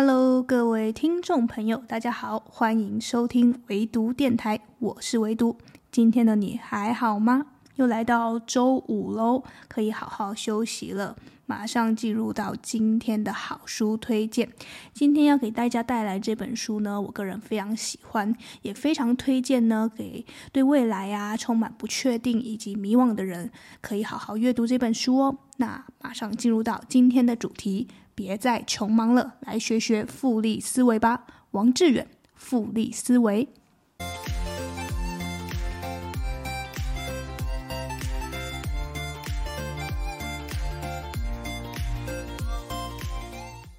Hello，各位聽眾朋友，大家好，歡迎收聽微讀電台，我是微讀。今天的你還好嗎？又來到周五嘍，可以好好休息了。馬上進入到今天的好書推薦。今天要給大家帶來這本書呢，我個人非常喜歡，也非常推薦呢給對未來啊充滿不確定以及迷惘的人，可以好好閱讀這本書哦。那馬上進入到今天的主題。別再窮忙了，來學學複利思維吧，王智遠。複利思維。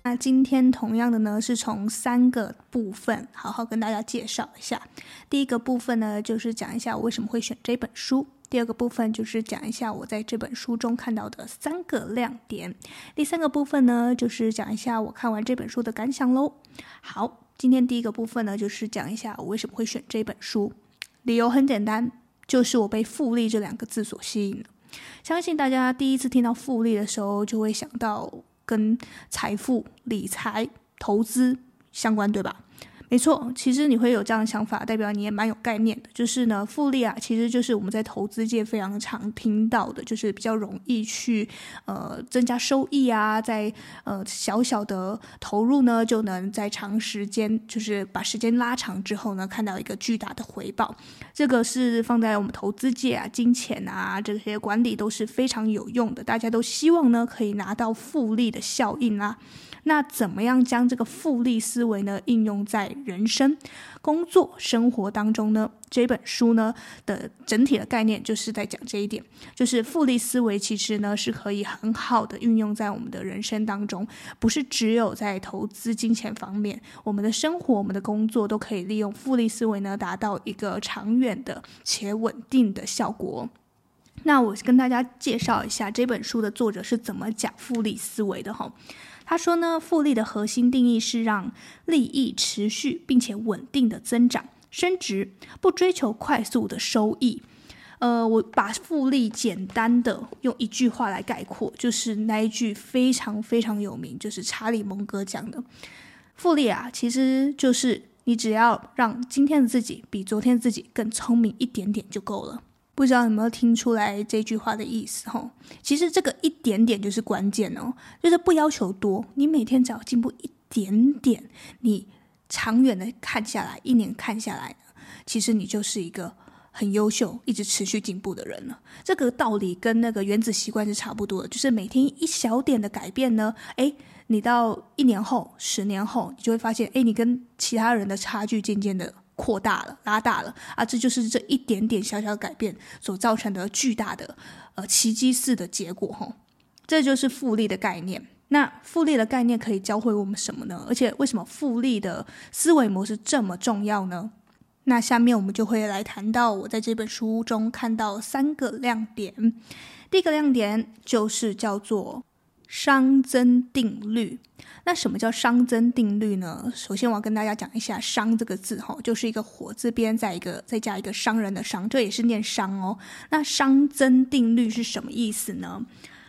那今天同樣的呢，是從三個部分好好跟大家介紹一下。第一個部分呢，就是講一下我為什麼會選這本書。第二個部分就是講一下我在這本書中看到的三個亮點。第三個部分呢，就是講一下我看完這本書的感想嘍。好，今天第一個部分呢，就是講一下我為什麼會選這本書。理由很簡單，就是我被“複利”這兩個字所吸引。相信大家第一次聽到“複利”的時候，就會想到跟財富、理財、投資相關，對吧？沒錯，其實你會有這樣的想法，代表你也蠻有概念的。就是呢，複利啊，其實就是我們在投資界非常常聽到的，就是比較容易去，呃，增加收益啊，在呃小小的投入呢，就能在長時間，就是把時間拉長之後呢，看到一個巨大的回報。這個是放在我們投資界啊，金錢啊這些管理都是非常有用的，大家都希望呢可以拿到複利的效應啊。那怎麼樣將這個複利思維呢應用在人生、工作、生活當中呢？這本書呢的整體的概念就是在講這一點，就是複利思維其實呢是可以很好的運用在我們的人生當中，不是只有在投資金錢方面，我們的生活、我們的工作都可以利用複利思維呢達到一個長遠的且穩定的效果。那我跟大家介紹一下這本書的作者是怎麼講複利思維的吼。他說呢，複利的核心定義是讓利益持續並且穩定的增長升值，不追求快速的收益。呃，我把複利簡單的用一句話來概括，就是那一句非常非常有名，就是查理芒格講的，複利啊，其實就是你只要讓今天的自己比昨天的自己更聰明一點點就夠了。不知道有沒有聽出來這句話的意思哦，其實這個一點點就是關鍵哦，就是不要求多，你每天只要進步一點點，你長遠的看下來，一年看下來，其實你就是一個很優秀、一直持續進步的人了。這個道理跟那個原子習慣是差不多的，就是每天一小點的改變呢，誒、欸，你到一年後、十年後，你就會發現，誒、欸，你跟其他人的差距漸漸的。擴大了，拉大了啊！這就是這一點點小小改變所造成的巨大的，呃，奇跡式的結果。這就是複利的概念。那複利的概念可以教會我們什麼呢？而且為什麼複利的思維模式這麼重要呢？那下面我們就會來談到我在這本書中看到三個亮點。第一個亮點就是叫做。熵增定律，那什麼叫熵增定律呢？首先我要跟大家講一下“熵”這個字，哈，就是一個火字邊，再一個再加一個商人的“商”，這也是念“熵”哦。那熵增定律是什麼意思呢？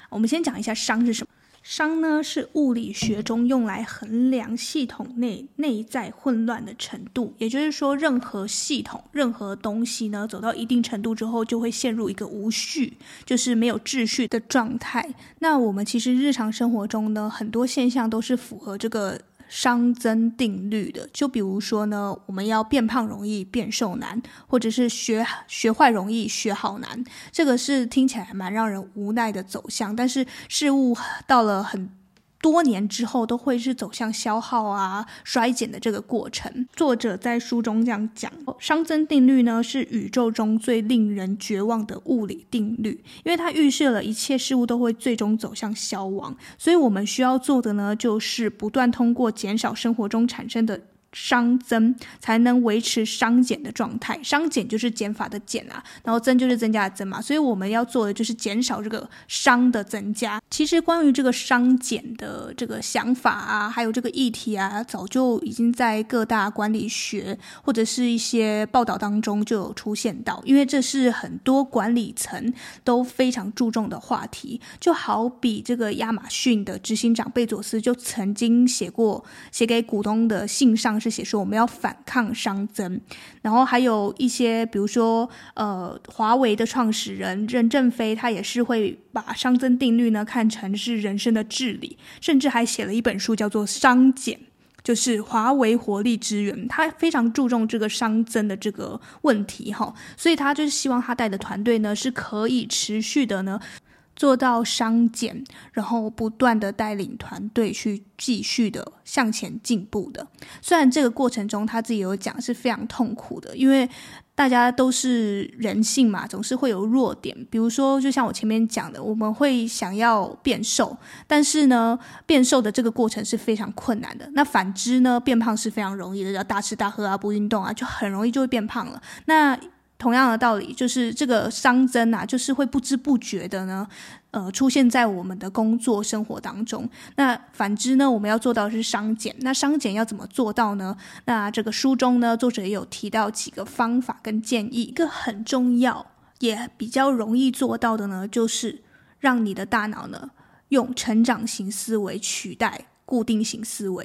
我們先講一下“熵”是什麼。熵呢，是物理學中用來衡量系統內內在混亂的程度。也就是說，任何系統、任何東西呢，走到一定程度之後，就會陷入一個無序，就是沒有秩序的狀態。那我們其實日常生活中呢，很多現象都是符合這個。熵增定律的，就比如說呢，我們，要變胖容易變瘦難，或者是學學壞容易學好難，這個是聽起來蠻讓人無奈的走向，但是事物到了很。多年之後都會是走向消耗啊衰減的這個過程。作者在書中這樣講：熵增定律呢是宇宙中最令人絕望的物理定律，因為它預設了一切事物都會最終走向消亡。所以我們需要做的呢就是不斷通過減少生活中產生的。熵增才能維持熵減的狀態，熵減就是減法的減啊，然後增就是增加的增嘛，所以我們要做的就是減少這個熵的增加。其實關於這個熵減的這個想法啊，還有這個議題啊，早就已經在各大管理學或者是一些報道當中就有出現到，因為這是很多管理層都非常注重的話題。就好比這個亞馬遜的執行長貝佐斯就曾經寫過寫給股東的信上。是寫說我們要反抗熵增，然後還有一些比如說，呃，華為的創始人任正非，他也是會把熵增定律呢看成是人生的智理，甚至還寫了一本書叫做《熵減》，就是華為活力之源。他非常注重這個熵增的這個問題，哈、哦，所以他就是希望他帶的團隊呢是可以持續的呢。做到商檢，然後不斷的帶領團隊去繼續的向前進步的。雖然這個過程中他自己有講是非常痛苦的，因為大家都是人性嘛，總是會有弱點。比如說，就像我前面講的，我們會想要變瘦，但是呢，變瘦的這個過程是非常困難的。那反之呢，變胖是非常容易的，要大吃大喝啊，不運動啊，就很容易就會變胖了。那同樣的道理，就是這個熵增啊，就是會不知不覺的呢，呃，出現在我們的工作生活當中。那反之呢，我們要做到的是熵減。那熵減要怎麼做到呢？那這個書中呢，作者也有提到幾個方法跟建議。一個很重要也比較容易做到的呢，就是讓你的大腦呢，用成長型思維取代固定型思維。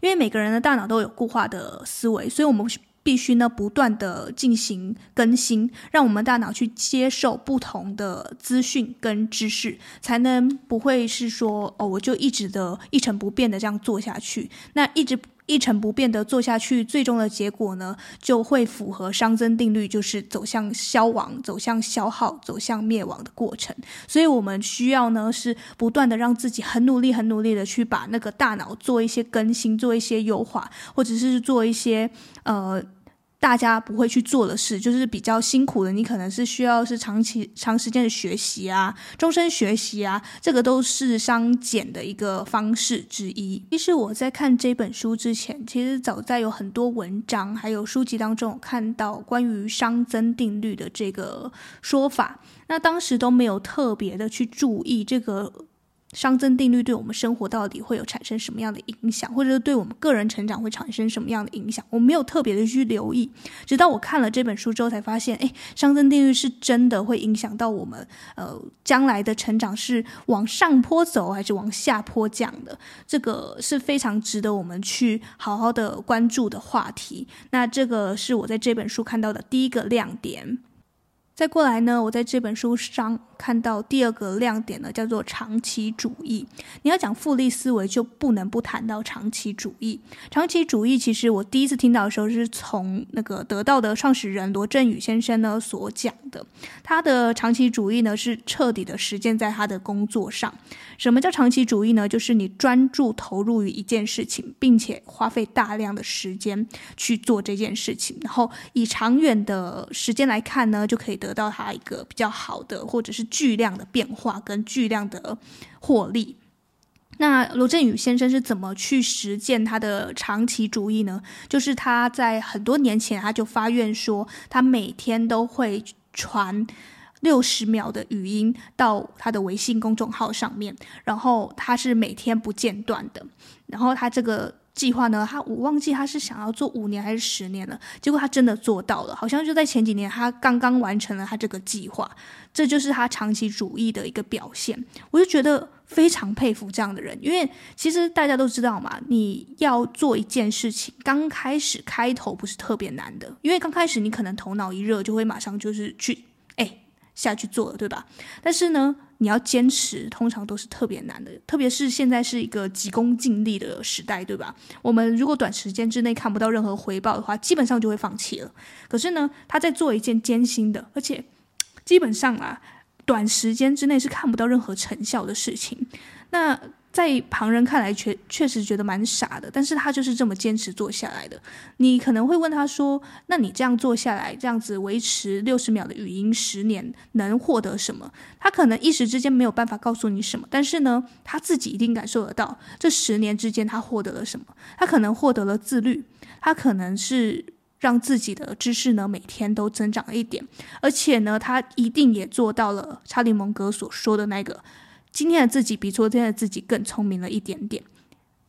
因為每個人的大腦都有固化的思維，所以我們。必須呢，不斷的進行更新，讓我們大腦去接受不同的資訊跟知識，才能不會是說哦，我就一直的一成不變的這樣做下去，那一直。一成不變的做下去，最終的結果呢，就會符合熵增定律，就是走向消亡、走向消耗、走向滅亡的過程。所以，我們需要呢，是不斷的讓自己很努力、很努力的去把那個大腦做一些更新、做一些優化，或者是做一些呃。大家不會去做的事，就是比較辛苦的，你可能是需要是長期長時間的學習啊，終身學習啊，這個都是熵減的一個方式之一。其實我在看這本書之前，其實早在有很多文章還有書籍當中有看到關於熵增定律的這個說法，那當時都沒有特別的去注意這個。熵增定律對我們生活到底會有產生什麼樣的影響，或者是對我們個人成長會產生什麼樣的影響？我沒有特別的去留意，直到我看了這本書之後，才發現，哎，熵增定律是真的會影響到我們，呃，將來的成長是往上坡走還是往下坡降的，這個是非常值得我們去好好的關注的話題。那這個是我在這本書看到的第一個亮點。再過來呢，我在這本書上看到第二個亮點呢，叫做長期主義。你要講複利思維，就不能不談到長期主義。長期主義其實我第一次聽到的時候，是從那個得到的創始人羅振宇先生呢所講的。他的長期主義呢，是徹底的實踐在他的工作上。什麼叫長期主義呢？就是你專注投入於一件事情，並且花費大量的時間去做這件事情，然後以長遠的時間來看呢，就可以。得到他一個比較好的，或者是巨量的變化跟巨量的獲利。那羅振宇先生是怎麼去實踐他的長期主義呢？就是他在很多年前他就發願說，他每天都會傳六十秒的語音到他的微信公眾號上面，然後他是每天不間斷的，然後他這個。計劃呢，他我忘記他是想要做五年還是十年了。結果他真的做到了，好像就在前幾年，他剛剛完成了他這個計劃。這就是他長期主義的一個表現。我就覺得非常佩服這樣的人，因為其實大家都知道嘛，你要做一件事情，剛開始開頭不是特別難的，因為剛開始你可能頭腦一熱就會馬上就是去，誒，下去做了，對吧？但是呢。你要堅持，通常都是特別難的，特別是現在是一個急功近利的時代，對吧？我們如果短時間之內看不到任何回報的話，基本上就會放棄了。可是呢，他在做一件艱辛的，而且基本上啊，短時間之內是看不到任何成效的事情。那在旁人看來，確確實覺得蠻傻的，但是他就是這麼堅持做下來的。你可能會問他說：“那你這樣做下來，這樣子維持六十秒的語音十年，能獲得什麼？”他可能一時之間沒有辦法告訴你什麼，但是呢，他自己一定感受得到，這十年之間他獲得了什麼。他可能獲得了自律，他可能是讓自己的知識呢每天都增長了一點，而且呢，他一定也做到了查理蒙格所說的那個。今天的自己比昨天的自己更聰明了一點點。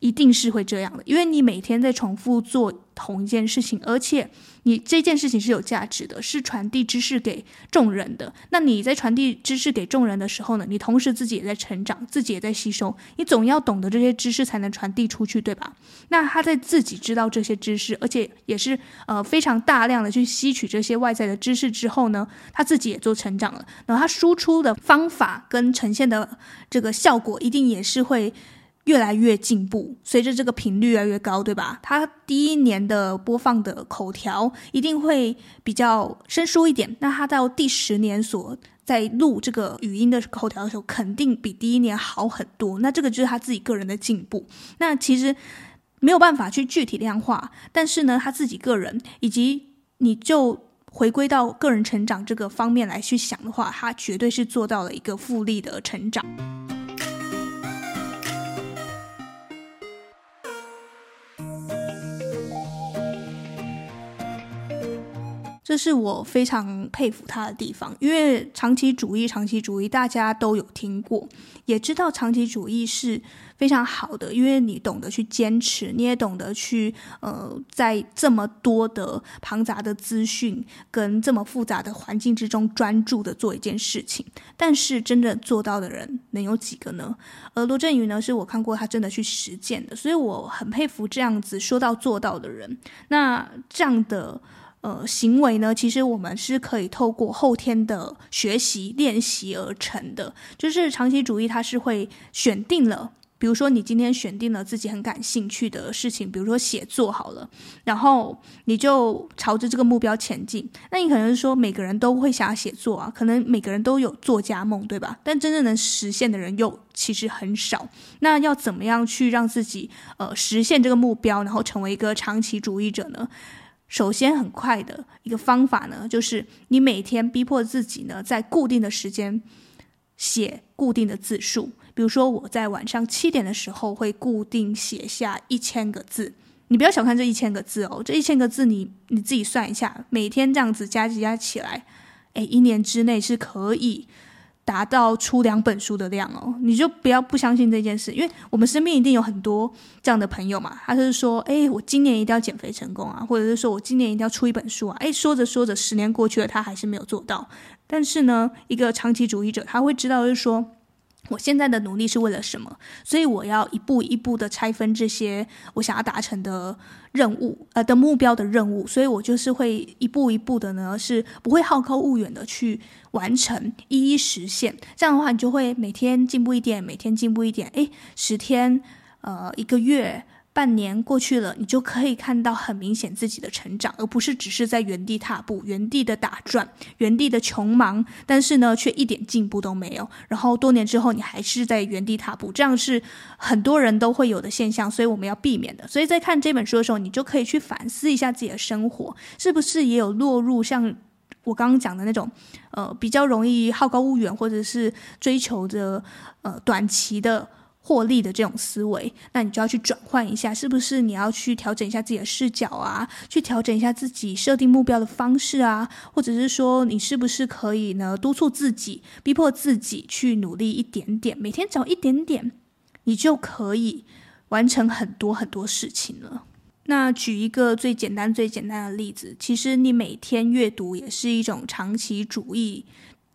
一定是會這樣的，因為你每天在重複做同一件事情，而且你這件事情是有價值的，是傳遞知識給眾人的。那你在傳遞知識給眾人的時候呢，你同時自己也在成長，自己也在吸收。你總要懂得這些知識才能傳遞出去，對吧？那他在自己知道這些知識，而且也是呃非常大量的去吸取這些外在的知識之後呢，他自己也做成長了，然後他輸出的方法跟呈現的這個效果，一定也是會。越來越進步，隨着這個頻率越來越高，對吧？他第一年的播放的口條一定會比較生疏一點，那他到第十年所在錄這個語音的口條的時候，肯定比第一年好很多。那這個就是他自己個人的進步。那其實沒有辦法去具體量化，但是呢，他自己個人以及你就回歸到個人成長這個方面來去想的話，他絕對是做到了一個複利的成長。這是我非常佩服他的地方，因為長期主義，長期主義，大家都有聽過，也知道長期主義是非常好的，因為你懂得去堅持，你也懂得去呃，在這麼多的龐雜的資訊跟這麼複雜的環境之中專注地做一件事情。但是，真正做到的人能有幾個呢？而羅振宇呢，是我看過他真的去實踐的，所以我很佩服這樣子說到做到的人。那這樣的。呃，行為呢，其實我們是可以透過後天的學習練習而成的。就是長期主義，它是會選定了，比如說你今天選定了自己很感興趣的事情，比如說寫作好了，然後你就朝着這個目標前進。那你可能說每個人都會想要寫作啊，可能每個人都有作家夢，對吧？但真正能實現的人又其實很少。那要怎麼樣去讓自己呃實現這個目標，然後成為一個長期主義者呢？首先，很快的一個方法呢，就是你每天逼迫自己呢，在固定的時間寫固定的字數。比如說，我在晚上七點的時候會固定寫下一千個字。你不要小看這一千個字哦，這一千個字你你自己算一下，每天這樣子加急加起來，哎，一年之內是可以。達到出兩本書的量哦，你就不要不相信這件事，因為我們身邊一定有很多這樣的朋友嘛。他就是說，誒，我今年一定要減肥成功啊，或者是說我今年一定要出一本書啊。誒，說着說着，十年過去了，他還是沒有做到。但是呢，一個長期主義者，他會知道，就是說。我現在的努力是為了什麼？所以我要一步一步的拆分這些我想要達成的任務，呃的目標的任務。所以，我就是會一步一步的呢，是不會好高騖遠的去完成，一一實現。這樣的話，你就會每天進步一點，每天進步一點。誒，十天，呃，一個月。半年過去了，你就可以看到很明顯自己的成長，而不是只是在原地踏步，原地的打轉，原地的窮忙，但是呢，卻一點進步都沒有。然後多年之後，你還是在原地踏步，這樣是很多人都會有的現象，所以我們要避免的。所以在看這本書的時候，你就可以去反思一下自己的生活，是不是也有落入像我剛剛講的那種，呃，比較容易好高騖遠，或者是追求着，呃，短期的。獲利的這種思維，那你就要去轉換一下，是不是你要去調整一下自己的視角啊？去調整一下自己設定目標的方式啊，或者是說，你是不是可以呢，督促自己、逼迫自己去努力一點點，每天找一點點，你就可以完成很多很多事情了。那舉一個最簡單、最簡單的例子，其實你每天閱讀也是一種長期主義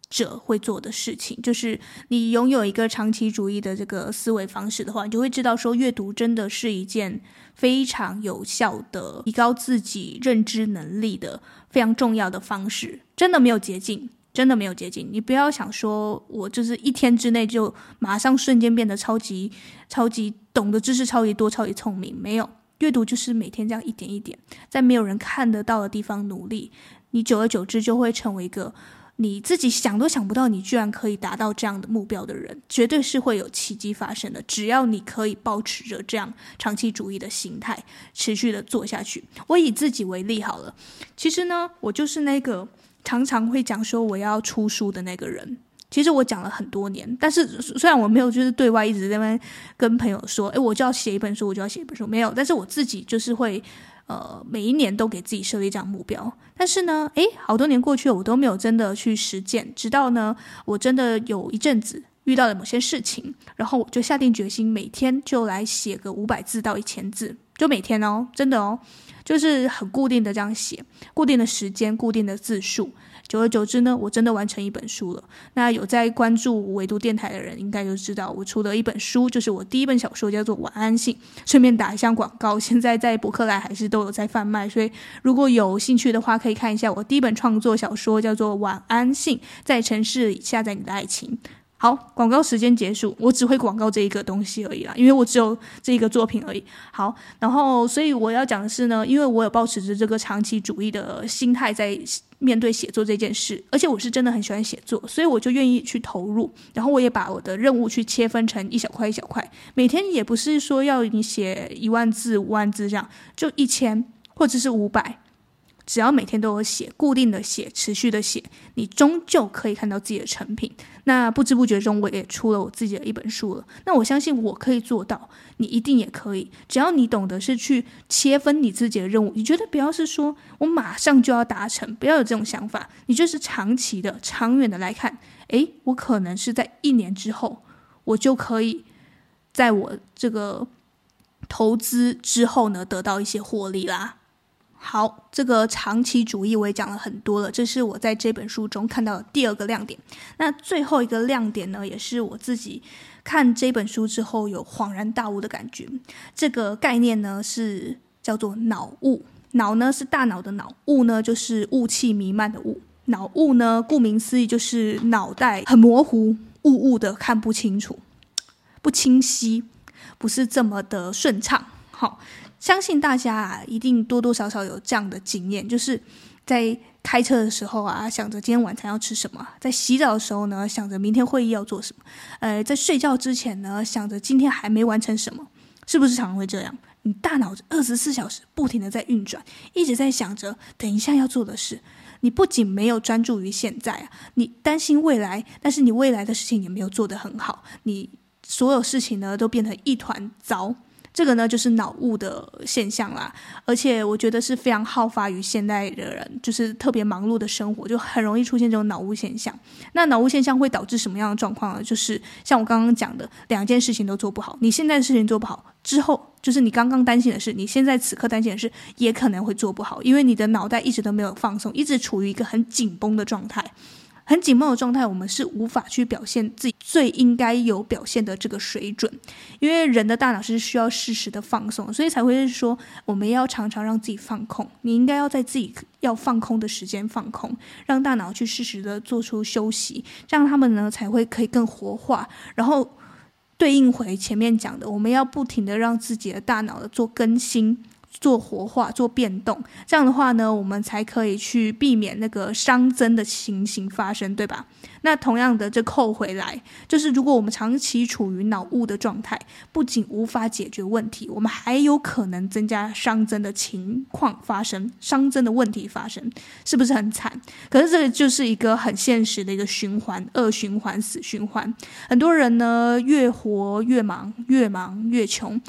者會做的事情，就是你擁有一個長期主義的這個思維方式的話，你就會知道說，閱讀真的是一件非常有效的提高自己認知能力的非常重要的方式。真的沒有捷徑，真的沒有捷徑。你不要想說我就是一天之內就馬上瞬間變得超級超級懂得知識，超級多，超級聰明。沒有，閱讀就是每天這樣一點一點，在沒有人看得到的地方努力，你久而久之就會成為一個。你自己想都想不到，你居然可以達到這樣的目標的人，絕對是會有奇蹟發生的。只要你可以保持着這樣長期主義的心態，持續的做下去。我以自己為例好了，其實呢，我就是那個常常會講說我要出書的那個人。其實我講了很多年，但是雖然我沒有就是對外一直在那邊跟朋友說，誒、欸，我就要寫一本書，我就要寫一本書，沒有。但是我自己就是會。呃，每一年都給自己設立這樣的目標，但是呢，誒，好多年過去了，我都沒有真的去實踐。直到呢，我真的有一陣子遇到了某些事情，然後我就下定決心，每天就來寫個五百字到一千字，就每天哦，真的哦，就是很固定的這樣寫，固定的時間，固定的字數。久而久之呢，我真的完成一本書了。那有在關注微讀電台的人，應該就知道我出了一本書，就是我第一本小說，叫做《晚安信》。順便打一下廣告，現在在博客來還是都有在販賣，所以如果有興趣的話，可以看一下我第一本創作小說，叫做《晚安信》，在城市裡下載你的愛情。好，廣告時間結束。我只會廣告這一個東西而已啦，因為我只有這一個作品而已。好，然後所以我要講的是呢，因為我有抱持着這個長期主義的心態在面對寫作這件事，而且我是真的很喜歡寫作，所以我就願意去投入。然後我也把我的任務去切分成一小塊一小塊，每天也不是說要你寫一萬字、五萬字這樣，就一千或者是五百。只要每天都有寫，固定的寫，持續的寫，你終究可以看到自己的成品。那不知不覺中，我也出了我自己的一本書了。那我相信我可以做到，你一定也可以。只要你懂得是去切分你自己的任務，你覺得不要是說我馬上就要達成，不要有這種想法。你就是長期的、長遠的來看，誒，我可能是在一年之後，我就可以在我這個投資之後呢，得到一些獲利啦。好，這個長期主義我也講了很多了，這是我在這本書中看到的第二個亮點。那最後一個亮點呢，也是我自己看這本書之後有恍然大悟的感覺。這個概念呢是叫做腦霧。腦呢是大腦的腦，霧呢就是霧氣瀰漫的霧。腦霧呢，顧名思義就是腦袋很模糊，霧霧的看不清楚，不清晰，不是這麼的順暢。好、哦。相信大家啊，一定多多少少有這樣的經驗，就是在開車的時候啊，想着今天晚餐要吃什麼；在洗澡的時候呢，想着明天會議要做什麼；呃，在睡覺之前呢，想着今天還沒完成什麼。是不是常常會這樣？你大腦二十四小時不停地在運轉，一直在想着等一下要做的事。你不僅沒有專注於現在啊，你擔心未來，但是你未來的事情也沒有做得很好，你所有事情呢都變得一團糟。這個呢，就是腦霧的現象啦，而且我覺得是非常好發於現代的人，就是特別忙碌的生活，就很容易出現這種腦霧現象。那腦霧現象會導致什麼樣的狀況呢？就是像我剛剛講的，兩件事情都做不好。你現在的事情做不好之後，就是你剛剛擔心的事，你現在此刻擔心的事也可能會做不好，因為你的腦袋一直都沒有放鬆，一直處於一個很緊繃的狀態。很緊繃的狀態，我們是無法去表現自己最應該有表現的這個水準，因為人的大腦是需要適時的放鬆，所以才會是說我們要常常讓自己放空。你應該要在自己要放空的時間放空，讓大腦去適時的做出休息，這樣他們呢才會可以更活化。然後對應回前面講的，我們要不停的讓自己的大腦的做更新。做活化，做變動，這樣的話呢，我們才可以去避免那個傷增的情形發生，對吧？那同樣的，就扣回來，就是如果我們長期處於腦霧的狀態，不僅無法解決問題，我們還有可能增加傷增的情況發生，傷增的問題發生，是不是很慘？可是這個就是一個很現實的一個循環，惡循環，死循環。很多人呢，越活越忙，越忙越窮。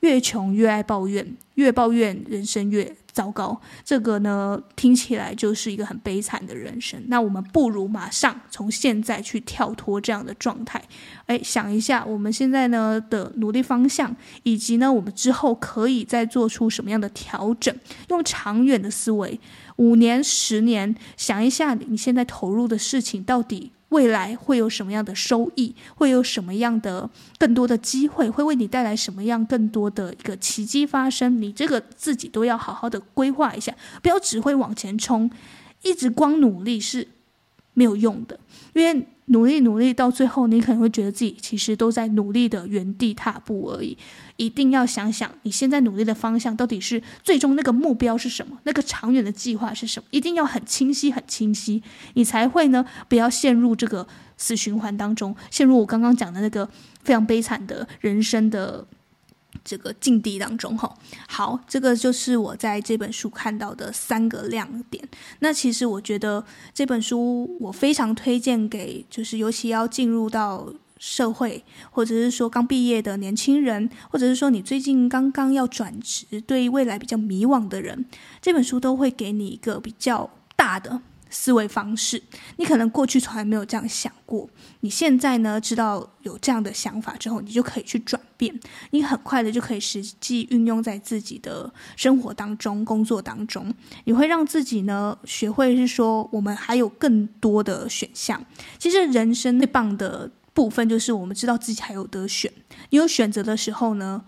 越窮越愛抱怨，越抱怨人生越糟糕。這個呢，聽起來就是一個很悲慘的人生。那我們不如馬上從現在去跳脫這樣的狀態。哎，想一下我們現在呢的努力方向，以及呢我們之後可以再做出什麼樣的調整，用長遠的思維，五年、十年，想一下你現在投入的事情到底。未來會有什麼樣的收益？會有什麼樣的更多的機會？會為你帶來什麼樣更多的一個奇跡發生？你這個自己都要好好的規劃一下，不要只會往前衝，一直光努力是沒有用的。因為努力努力到最後，你可能會覺得自己其實都在努力的原地踏步而已。一定要想想你現在努力的方向到底是最終那個目標是什麼，那個長遠的計劃是什麼，一定要很清晰、很清晰，你才會呢，不要陷入這個死循環當中，陷入我剛剛講的那個非常悲慘的人生的這個境地當中。吼，好，這個就是我在這本書看到的三個亮點。那其實我覺得這本書我非常推薦給，就是尤其要進入到。社會，或者是說剛畢業的年輕人，或者是說你最近剛剛要轉職，對未來比較迷惘的人，這本書都會給你一個比較大的思維方式。你可能過去從來沒有這樣想過，你現在呢，知道有這樣的想法之後，你就可以去轉變，你很快的就可以實際運用在自己的生活當中、工作當中。你會讓自己呢學會是說，我們還有更多的選項。其實人生最棒的。部分就是我們知道自己還有得選，你有選擇的時候呢，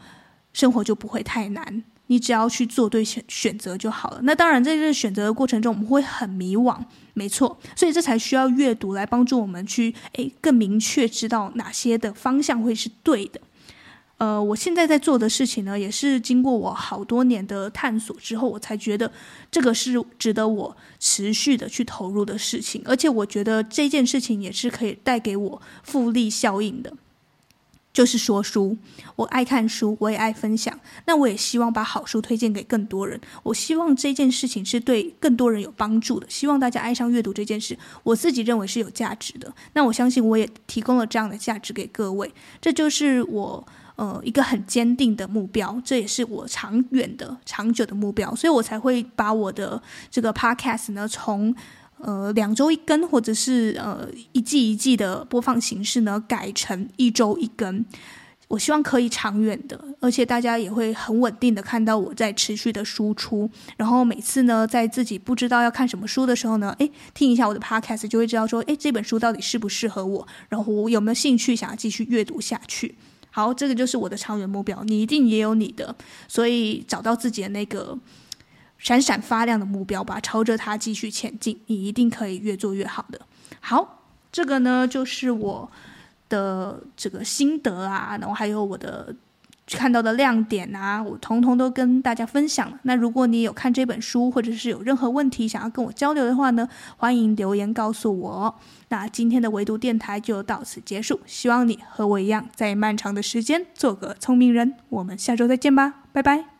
生活就不會太難。你只要去做對選選擇就好了。那當然，在這個選擇的過程中，我們會很迷惘，沒錯。所以這才需要閱讀來幫助我們去哎更明確知道哪些的方向會是對的。呃，我現在在做的事情呢，也是經過我好多年的探索之後，我才覺得這個是值得我持續的去投入的事情。而且，我覺得這件事情也是可以帶給我複利效應的，就是說書。我愛看書，我也愛分享，那我也希望把好書推薦給更多人。我希望這件事情是對更多人有幫助的。希望大家愛上閱讀這件事，我自己認為是有價值的。那我相信，我也提供了這樣的價值給各位。這就是我。呃，一個很堅定的目標，這也是我長遠的、長久的目標，所以我才會把我的這個 podcast 呢，從呃兩周一更，或者是呃一季一季的播放形式呢，改成一周一更。我希望可以長遠的，而且大家也會很穩定的看到我在持續的輸出。然後每次呢，在自己不知道要看什麼書的時候呢，誒，聽一下我的 podcast 就會知道說，誒，這本書到底適不適合我，然後我有沒有興趣想要繼續閱讀下去。好，這個就是我的長遠目標，你一定也有你的，所以找到自己的那個閃閃發亮的目標吧，朝着它繼續前進，你一定可以越做越好的。好，這個呢就是我的這個心得啊，然後還有我的。看到的亮點啊，我統統都跟大家分享了。那如果你有看這本書，或者是有任何問題想要跟我交流的話呢，歡迎留言告訴我。那今天的微讀電台就到此結束，希望你和我一樣，在漫長的時間做個聰明人。我們下週再見吧，拜拜。